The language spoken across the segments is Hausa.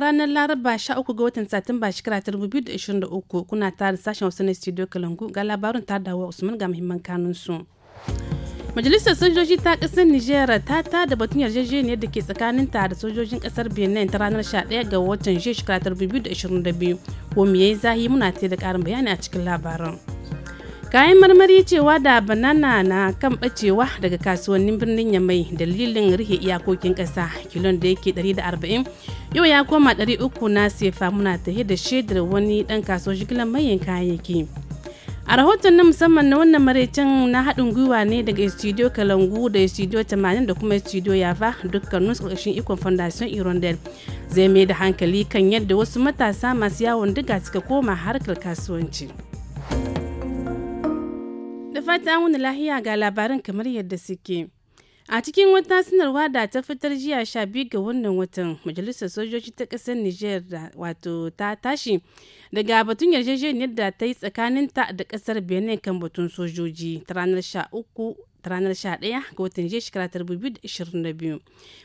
ranar laraba 13 ga watan satumba shekara 2023 kuna tare sashen wasu na studio kalangu ga labarin ta dawo usman ga muhimman kanun su majalisar sojoji ta kasar niger ta ta da batun yarjejeniyar da ke tsakanin ta da sojojin kasar benin ta ranar 11 ga watan jiya shekara 2022 ko me zahi muna ta da karin bayani a cikin labarin kayan marmari cewa da banana na kan bacewa daga kasuwannin birnin yamai dalilin rihe iyakokin kasa kilon da yake 140 yau ya koma 300 na sefa muna ta da shaidar wani dan kasuwar shigilar manyan kayayyaki a rahoton na musamman na wannan maraicin na haɗin gwiwa ne daga studio kalangu da studio 80 da kuma studio yafa nusa ƙarshen ikon foundation irondale zai mai da hankali kan yadda wasu matasa masu yawon diga suka koma harkar kasuwanci da fata wani lahiya ga labarin kamar yadda suke a cikin wata sanarwa da ta fitar jiya sha biyu ga wannan watan majalisar sojoji ta ƙasar niger wato ta tashi daga batun yarjejeniyar da ta yi ta da ƙasar benin kan batun sojoji ta ranar sha uku ta ranar 11 ga watan jiya shekara 2022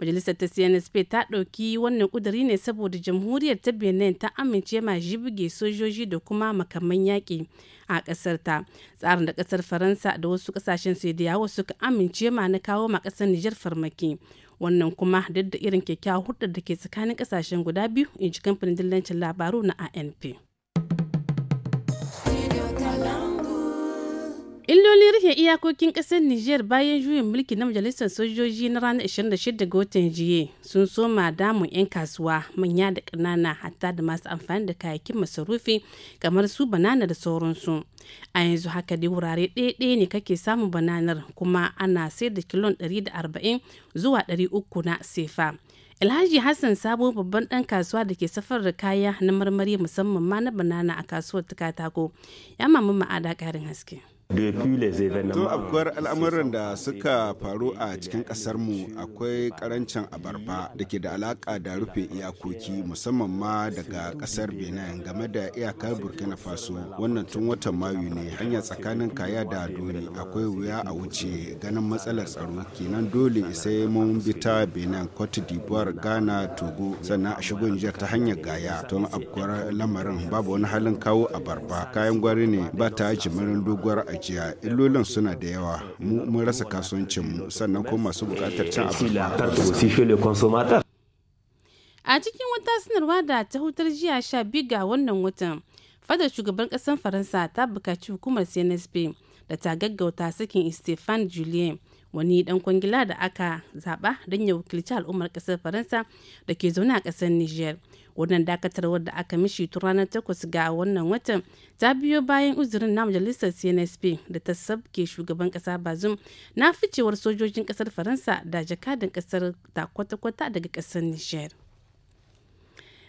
majalisar ta cnsp ta ɗauki wannan ƙuduri ne saboda jamhuriyar ta benin ta amince ma jibge sojoji da kuma makaman yaƙi a ƙasar ta tsarin da ƙasar faransa da wasu ƙasashen sai da yawa suka amince ma na kawo ma ƙasar nijar farmaki wannan kuma duk da irin kyakkyawar hurɗar da ke tsakanin ƙasashen guda biyu in ji kamfanin dillancin labaru na anp illolin rufe iyakokin ƙasar niger bayan juyin mulki na majalisar sojoji na ranar 26 ga watan jiye sun soma damun 'yan kasuwa manya da ƙanana hatta da masu amfani da kayakin masarufi kamar su banana da sauransu a yanzu haka dai wurare ɗaya ne kake samun bananar kuma ana sayar da kilon 140 zuwa 300 na sefa Alhaji Hassan Sabo babban ɗan kasuwa da ke safar da kaya na marmari musamman ma na banana a kasuwar ta katako ya mamu ma'ada ƙarin haske. To akwai al'amuran da suka faru a cikin mu akwai karancin abarba da ke da alaƙa da rufe iyakoki musamman ma daga ƙasar Benin game da iyakar Burkina Faso wannan tun watan Mayu ne hanya tsakanin kaya da dole akwai wuya a wuce ganin matsalar tsaro kenan dole sai mun bi ta Benin, Cote d'Ivoire, Ghana, Togo sannan a shigo Nijar ta hanyar gaya tun akwai lamarin babu wani halin kawo abarba kayan gwari ne ba ta jimirin doguwar turjiya illolin suna da yawa mu mun rasa kasuwancinmu sannan kuma masu bukatar cin a cikin wata sanarwa da ta hutar jiya sha biyu ga wannan watan fadar shugaban kasar faransa ta bukaci hukumar cnsp da ta gaggauta sakin stefan julien wani dan kwangila da aka zaba don ya wakilci al'ummar kasar faransa da ke zaune a kasar niger wannan dakatarwar da aka mishi tun ranar takwas ga wannan watan ta biyo bayan uzurin na majalisar cnsp da ta sabke shugaban kasa bazum na ficewar sojojin kasar faransa da jakadin kasar ta kwata-kwata daga kasar niger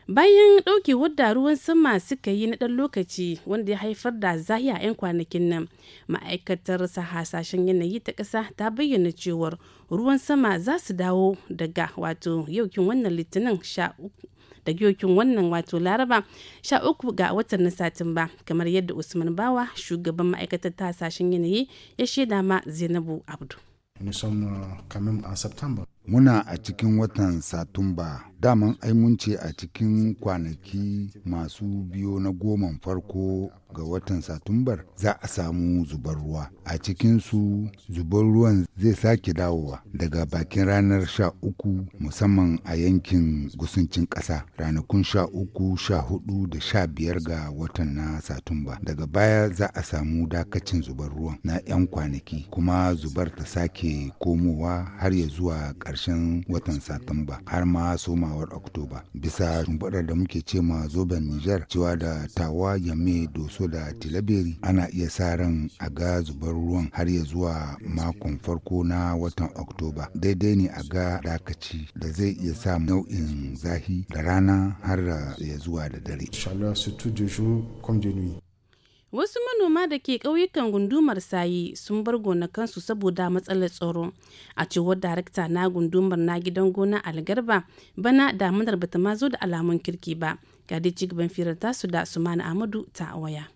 bayan ɗaukewar da ruwan sama suka yi na ɗan lokaci wanda ya haifar da zahiya 'yan kwanakin nan ma'aikatar hasashen yanayi ta ƙasa ta bayyana cewar ruwan sama za su dawo daga wato yaukin wannan litinin da gyokin wannan wato laraba 13 ga watan na satumba kamar yadda usman bawa shugaban ma'aikatar ta hasashen yanayi ya shaida ma zainabu abdu euh, Muna a cikin watan Satumba daman aimunce a cikin kwanaki masu biyo na goman farko ga watan satumbar za a samu zubar ruwa a cikinsu zubar ruwan zai sake dawowa daga bakin ranar sha uku musamman a yankin gusuncin ƙasa ranakun sha uku sha hudu da sha biyar ga watan na satumba daga baya za a samu dakacin zubar ruwan na 'yan kwanaki kuma zubar ta sake komowa har ya zuwa ƙarshen watan satumba har ma soma gudumawar Oktoba. Bisa shimfiɗar da muke ce ma zoben niger cewa da tawa yamme doso da tilaberi ana iya sa ran a ga zubar ruwan har ya zuwa makon farko na watan Oktoba. Daidai ne a ga dakaci da zai iya sa nau'in zahi da rana har ya zuwa da dare. wasu manoma da ke ƙauyukan gundumar sayi sun bar gonakansu saboda matsalar tsaro a cewar darakta na gundumar na gidan gona algarba bana damunar bata ma zo da alamun kirki ba ga dai ci gaban firar tasu da sumana amadu ta waya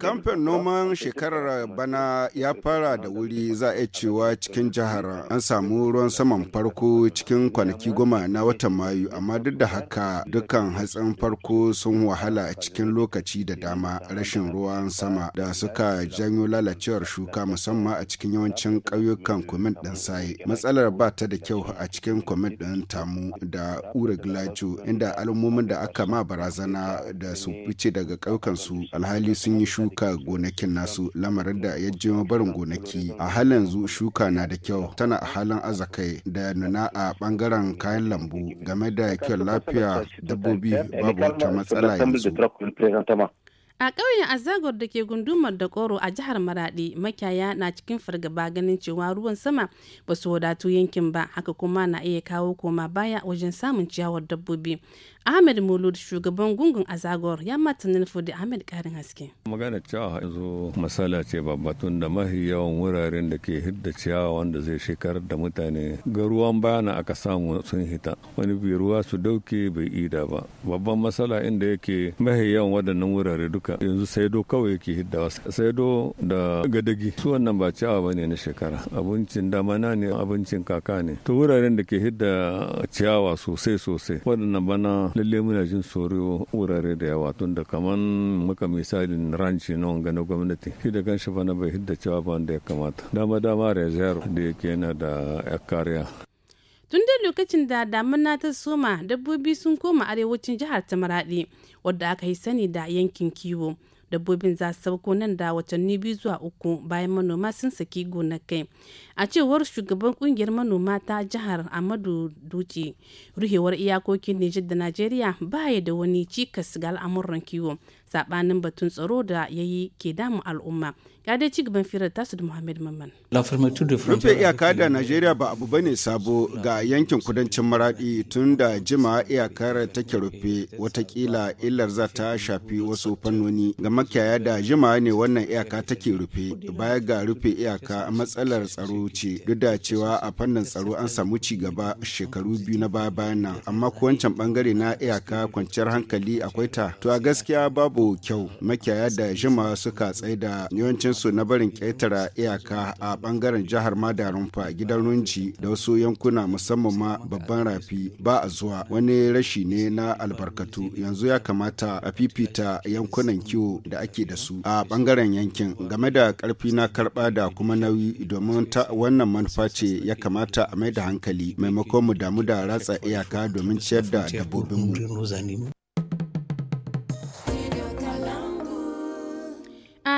Kamfen noman shekarar bana ya fara da wuri za a cewa cikin jihar an samu ruwan saman farko cikin kwanaki goma na watan Mayu amma duk da haka dukkan hatsin farko sun wahala cikin lokaci da dama rashin ruwan sama da suka janyo lalacewar shuka musamman a cikin yawancin ƙauyukan kwamit ɗin saye. Matsalar ba ta da kyau a cikin kwamit ɗin tamu da ure inda alamomin da aka ma barazana da su fice daga su hali sun yi shuka gonakin nasu lamarin da ya jima barin gonaki a halin yanzu shuka na da kyau tana a halin azakai da nuna a bangaren kayan lambu game da kyau lafiya dabbobi babu wata matsala yanzu A ƙauyen Azagor da ke gundumar da Koro a jihar Maraɗi, makiyaya na cikin fargaba ganin cewa ruwan sama ba su wadatu yankin ba, haka kuma na iya kawo koma baya wajen samun ciyawar dabbobi. Ahmed Mulud shugaban gungun zagor ya mata Nilfudi Ahmed karin haske. Magana cewa yanzu masala ce babba tun da mahi yawan wuraren da ke hidda ciyawa wanda zai shekar da mutane ga ruwan bayana aka samu sun hita wani bi ruwa su dauke bai ida ba babban masala inda yake mahi yawan waɗannan wurare duka yanzu do kawai yake sai do da gadagi su wannan ba ciyawa ba ne na shekara abincin damana ne abincin kaka ne to wuraren da ke hidda ciyawa sosai sosai waɗannan bana lalle muna jin tsoro wurare da yawa tun da kaman muka misalin ranci na wanga na gwamnati shi da kan shafa na bai hidda cewa ba wanda ya kamata dama dama da yake yana da ya kariya tun da lokacin da damuna ta soma dabbobi sun koma arewacin jihar ta wadda aka yi sani da yankin kiwo dabbobin za su sauko nan da watanni biyu zuwa uku bayan manoma sun saki kai a cewar shugaban kungiyar manoma ta jihar amadu duci ruhewar iyakokin nijar da najeriya baya da wani cikas ga al'amuran kiwo sabanin batun tsaro da ya yi ke damun al'umma ya dai ci gaban firar tasu da Muhammad Mamman. Rufe iyaka da Najeriya ba abu bane sabo ga yankin kudancin maradi tun da jima iyakar take rufe watakila illar za ta shafi wasu fannoni ga makiyaya da jima ne wannan iyaka take rufe baya ga rufe iyaka matsalar tsaro ce duk da cewa a fannin tsaro an samu ci gaba shekaru biyu na baya bayan nan amma ko wancan bangare na iyaka kwanciyar hankali akwai ta to a gaskiya babu kyau makiyaya da jima suka tsaida yawancin su na barin ƙetara iyaka a ɓangaren jihar Madarunfa gidan Runci da wasu yankuna musamman ma babban rafi ba a zuwa wani rashi ne na albarkatu yanzu ya kamata a fifita yankunan kiwo da ake da su a ɓangaren yankin game da ƙarfi na karɓa da kuma nauyi domin ta wannan manufa ce ya kamata a mai da hankali maimakon mu damu da ratsa iyaka domin ciyar da dabbobinmu.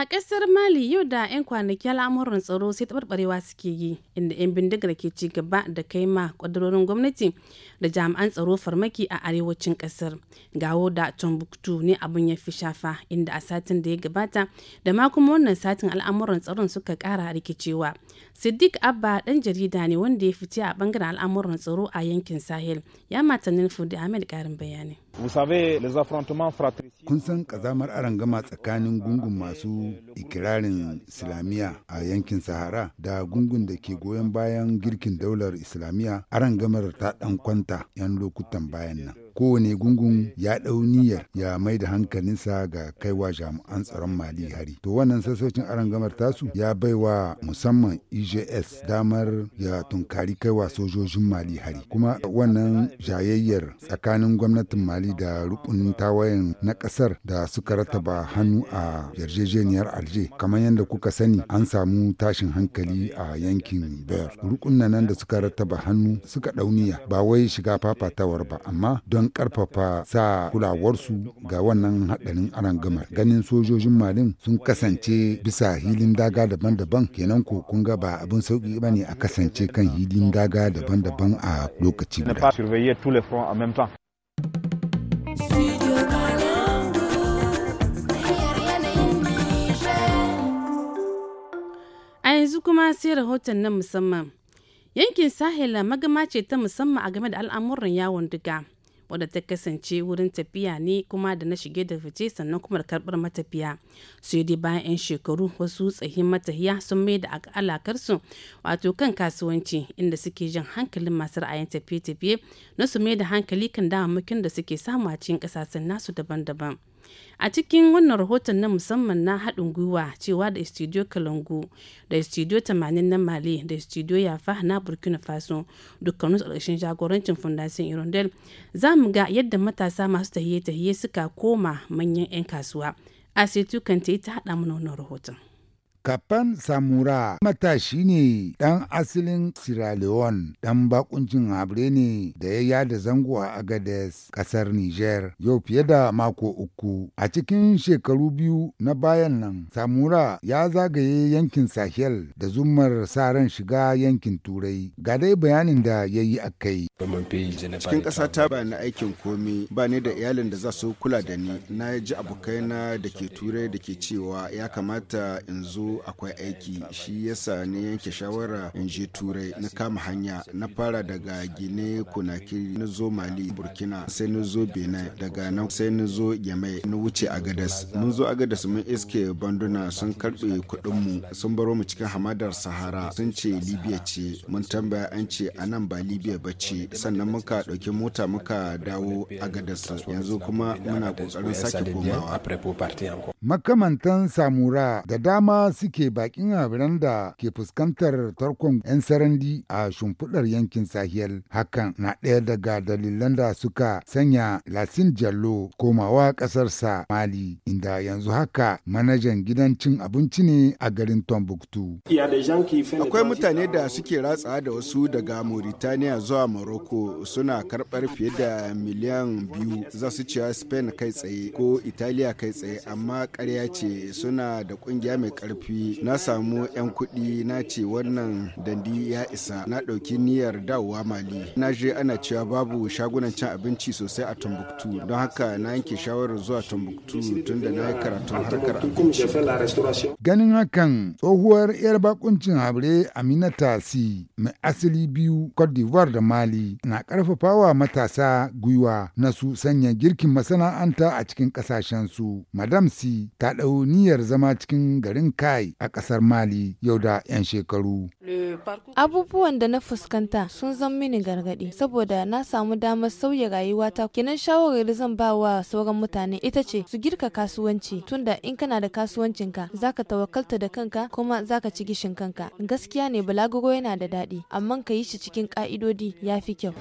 kasar Mali yau da 'yan kwanaki al'amuran tsaro sai taɓarɓarewa suke yi inda 'yan bindigar ke ci gaba da kai ma kwadarorin gwamnati da jami'an tsaro farmaki a arewacin kasar Gawo da Tombuktu ne abin ya fi shafa inda a satin da ya gabata da ma kuma wannan satin al'amuran tsaron suka kara rikicewa. Siddiq Abba dan jarida ne wanda ya fice a bangaren al'amuran tsaro a yankin Sahel. Ya matanin fudi Ahmed karin bayani. Kun san ƙazamar arangama tsakanin gungun masu ikirarin Islamiyya a yankin Sahara da gungun da ke goyon bayan girkin daular Islamiyya arangamar ta ɗan kwanta 'yan lokutan bayan nan. kowane gungun ya ɗau niyyar ya mai da hankalinsa ga kaiwa jami'an tsaron mali hari to wannan sassaucin arangamar tasu ya baiwa musamman ejs damar ya tunkari kaiwa sojojin mali hari kuma wannan jayayyar tsakanin gwamnatin mali da rukunin tawayen na ƙasar da suka rataba hannu a yarjejeniyar alje kamar yadda kuka sani an samu tashin hankali a yankin bayar rukunan nan da suka rataba hannu suka ɗauniya ba wai shiga fafatawar ba amma don an karfafa sa kulawarsu ga wannan haɗarin arangamar ganin sojojin malin sun kasance bisa hilin daga daban-daban kenan ko kun ga ba abin sauki ba ne a kasance kan hilin daga daban-daban a lokaci guda a yanzu kuma sai rahoton nan musamman yankin sahila magama ce ta musamman a game da al'amuran yawon diga wadda ta kasance wurin tafiya ne kuma da na shige da fice sannan kuma da karbar matafiya sai dai bayan 'yan shekaru wasu tsahin matahiya sun mai da alakarsu wato kan kasuwanci inda suke jan hankalin masu ra'ayin tafiye-tafiye na su mai da hankali kan damammakin da suke samu a cikin ƙasashen nasu daban-daban. a cikin wannan rahoton na musamman na haɗin gwiwa cewa da studio kalangu da studio 80 na mali da studio yafa na burkina faso dukkanin ƙarshen jagorancin fundasin irondel za mu ga yadda matasa masu tahiye-tahiye suka koma manyan 'yan kasuwa a sai ta haɗa mana wannan rahoton Kafan Samura matashi ne ɗan asalin Sierra Leone ɗan bakuncin habre ne da ya yada zango a Agades ƙasar Niger yau fiye da mako uku. A cikin shekaru biyu na bayan nan Samura ya zagaye yankin Sahel da zumar sa ran shiga yankin Turai. Ga dai bayanin da ya yi a kai. Cikin ƙasa ta ba na aikin komi ba ni da iyalin da za su kula da ni na ji abokaina da ke Turai da ke cewa ya kamata in zo akwai aiki shi yasa ne yanke shawara in je turai na kama hanya na fara daga gine kunakiri na zo mali burkina sai na zo benin daga nan sai na zo yamai na wuce agadas mun zo agadas mun iske banduna sun karbe mu sun baro mu cikin hamadar sahara sun ce libya ce mun tambaya an ce a nan ba libya ba ce sannan muka ɗauki mota muka dawo agadas yanzu kuma muna kokarin sake komawa makamantan samura da dama suke bakin habiran da ke fuskantar tarkon 'yan sarandi a shimfiɗar yankin sahel hakan na ɗaya daga dalilan da suka sanya lasin jallo komawa ƙasarsa mali inda yanzu haka manajan gidan cin abinci ne a garin tombuktu akwai mutane da suke ratsa da wasu daga mauritania zuwa morocco suna karɓar fiye da miliyan biyu za su cewa spain kai tsaye ko italiya kai tsaye amma ƙarya ce suna da ƙungiya mai ƙarfi na samu 'yan kuɗi na ce wannan dandi ya isa na ɗauki niyyar dawowa mali na je ana cewa babu shagunan cin abinci sosai a tumbuktu don haka na yanke shawarar zuwa tumbuktu tun da na yi karatun harkar Ganin hakan tsohuwar 'yar bakuncin habre Aminata Si mai asali biyu Cote d'Ivoire da Mali na karfafa wa matasa gwiwa na su sanya girkin masana'anta a cikin kasashen su. Madam Si ta dau niyyar zama cikin garin Kai kai a ƙasar Mali yau da 'yan shekaru. Abubuwan da na fuskanta sun zan mini gargaɗi saboda na samu damar sauya rayuwata kenan shawarar da zan ba wa sauran mutane ita ce su girka kasuwanci tunda in kana da kasuwancinka zaka tawakkalta da kanka kuma zaka ci gishin kanka gaskiya ne balaguro yana da daɗi amma ka yi shi cikin ƙa'idodi ya fi kyau.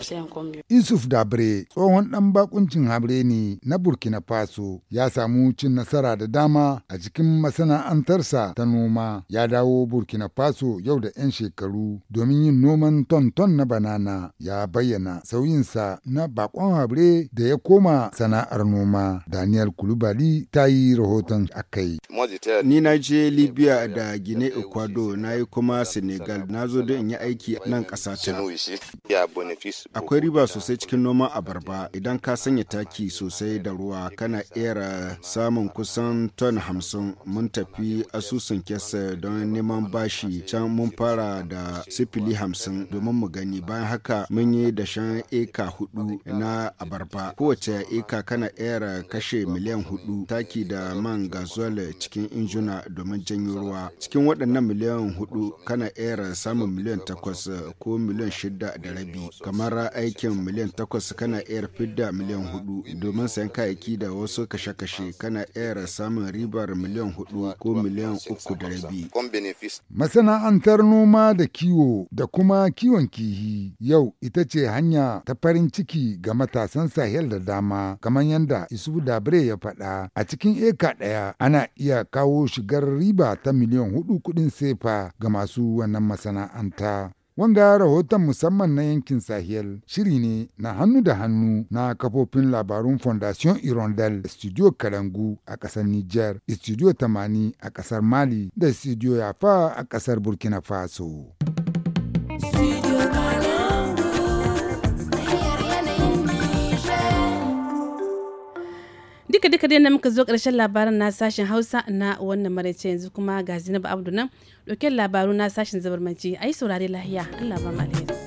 Yusuf Dabre tsohon ɗan bakuncin habre ne na Burkina Faso ya samu cin nasara da dama a cikin masana'antarsa ta noma ya dawo burkina faso yau da 'yan shekaru domin yin noman ton-ton na banana ya bayyana sauyinsa na bakon habre da ya koma sana'ar noma daniel kulubali ta yi rahoton akai ni na je libya da gine ecuador na yi kuma senegal na zo don in yi aiki nan ƙasata akwai riba sosai cikin noman abarba idan ka sanya taki sosai da ruwa kana era samun kusan ton hamsin mun tafi asusun sunkesa eh, don neman bashi can mun fara da sifili hamsin domin mu gani bayan haka mun yi da shan eka hudu na abarba kowace eka kana era kashe miliyan hudu taki da man gazole cikin injuna domin janyo ruwa cikin waɗannan miliyan hudu kana era samun miliyan takwas eh, ko miliyan shida da rabi kamar aikin miliyan takwas kana era fidda miliyan hudu domin sayan kayayyaki da wasu kashe-kashe kana era samun ribar miliyan hudu ko miliyan uku da Masana'antar noma da kiwo da kuma kiwon kihi yau ita ce hanya ta farin ciki ga matasan sahel da dama kamar yadda isu dabre ya faɗa a cikin eka ɗaya ana iya kawo shigar riba ta miliyan hudu kuɗin sefa ga masu wannan masana'anta. Wanga rahoton musamman na yankin Sahel shiri ne na hannu da hannu na kafofin labarun Fondation Irondel Studio Kalangu a kasar Niger, Studio Tamani a kasar Mali da Studio Yafa a kasar Burkina Faso. duka duka dai na muka zo ƙarshen labaran na sashen hausa na wannan maraice yanzu kuma ga zinabu abdu nan ɗauke labaru na sashen zabarmanci a yi saurare lahiya allah ba alheri